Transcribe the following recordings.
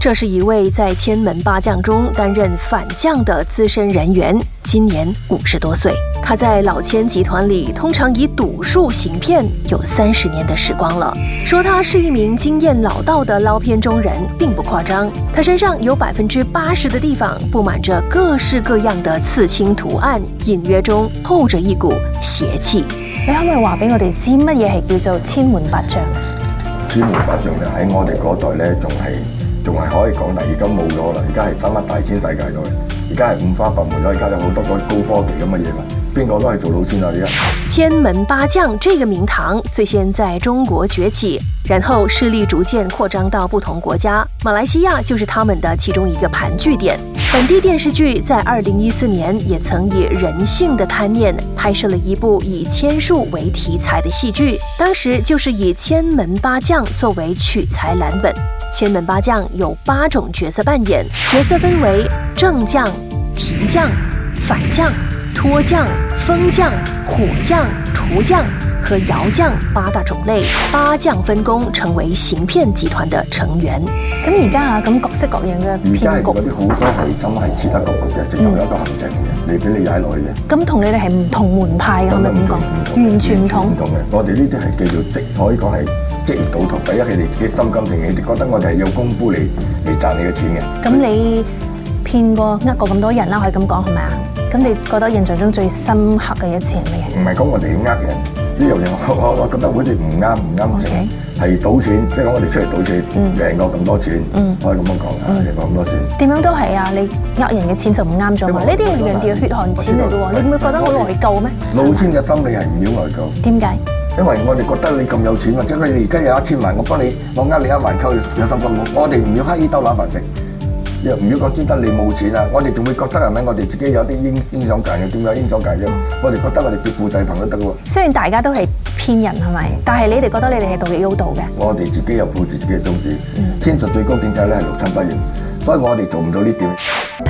這是一位在千門八將中擔任反將的資深人員，今年五十多歲。他在老千集團裏通常以賭術行騙，有三十年的時光了。說他是一名經驗老道的撈偏中人，並不誇張。他身上有百分之八十的地方佈滿着各式各樣的刺青圖案，隱約中透着一股邪氣。你可唔可以話俾我哋知乜嘢係叫做千門八將？千門八將咧喺我哋嗰代咧仲係。仲係可以講，但而家冇咗啦。而家係等乜大千世界咗嘅，而家係五花八門咗。而家有好多個高科技咁嘅嘢嘛，邊個都係做老千啊而家。千門八將這個名堂最先在中國崛起，然後勢力逐漸擴張到不同國家，馬來西亞就是他們的其中一個盤踞點。本地電視劇在二零一四年也曾以人性的貪念拍攝了一部以千術為題材的戲劇，當時就是以千門八將作為取材藍本。千門八將有八種角色扮演，角色分為正將、提將、反將、脱將、風將、虎將、廚將和謠將八大種類。八將分工成為行騙集團的成員。咁而家下，咁各式各樣嘅騙局，嗰啲好多係咁係其他局局嘅，直係有一個陷阱嘅，嗯、你俾你踩落去嘅。咁同你哋係唔同門派嘅，係咪點講？是不是完全唔同嘅，我哋呢啲係叫做直可以講係。這個即係賭徒，第一佢哋自己心甘情願，佢哋覺得我哋係有功夫嚟嚟賺你嘅錢嘅。咁你騙過、呃過咁多人啦，可以咁講係咪啊？咁你覺得印象中最深刻嘅一次係咩？唔係講我哋去呃人呢樣嘢，我我覺得好似唔啱唔啱情，係賭錢，即係講我哋出嚟賭錢，贏過咁多錢，我可以咁樣講，贏過咁多錢。點樣都係啊！你呃人嘅錢就唔啱咗嘛？呢啲係人哋嘅血汗錢嚟㗎喎，你唔會覺得好內疚咩？老千嘅心理係唔要內疚。點解？因為我哋覺得你咁有錢或者你而家有一千萬，我幫你，我呃你一萬購有十份，我我哋唔要乞兒兜攬飯食，又唔要講專登你冇錢啊！我哋仲會覺得係咪？我哋自己有啲冤冤枉計嘅，點解冤枉界啫？我哋覺得我哋叫富濟貧都得喎。雖然大家都係騙人係咪？但係你哋覺得你哋係道義高道嘅。我哋自己有抱自己嘅宗旨，千術最高境界咧係六親不認，所以我哋做唔到呢點。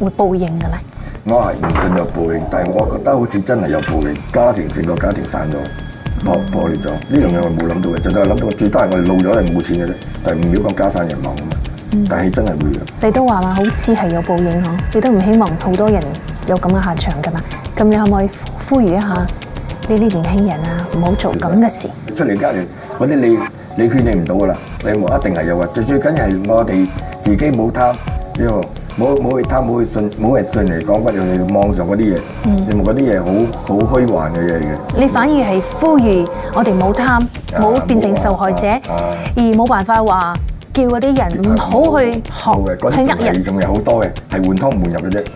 會報應嘅咧，我係唔信有報應，但係我覺得好似真係有報應，家庭，整個家庭散咗，破，破裂咗，呢樣嘢我冇諗到嘅，嗯、就就諗到最多係我哋老咗係冇錢嘅啫，但係唔要咁家散人亡啊嘛，嗯、但係真係會嘅。你都話啦，好似係有報應嗬，你都唔希望好多人有咁嘅下場噶嘛？咁你可唔可以呼籲一下呢啲年輕人啊，唔好做咁嘅事。出嚟家庭嗰啲你你決定唔到噶啦，你冇一定係有啊，最最緊係我哋自己冇貪呢個。冇冇去貪，冇去信，冇去信嚟講，嗰啲網上嗰啲嘢，你咪嗰啲嘢好好虛幻嘅嘢嘅。你反而係呼籲我哋冇貪，冇變成受害者，而冇辦法話叫嗰啲人唔好去學去呃人。仲有好多嘅，係換湯唔換藥嘅啫。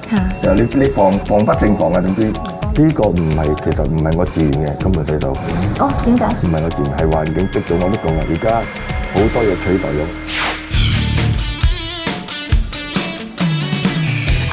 又你你防防不勝防啊！總之呢個唔係其實唔係我自願嘅金融制度。哦，點解？唔係我自願，係環境逼到冇乜講啊！而家好多嘢取代咗。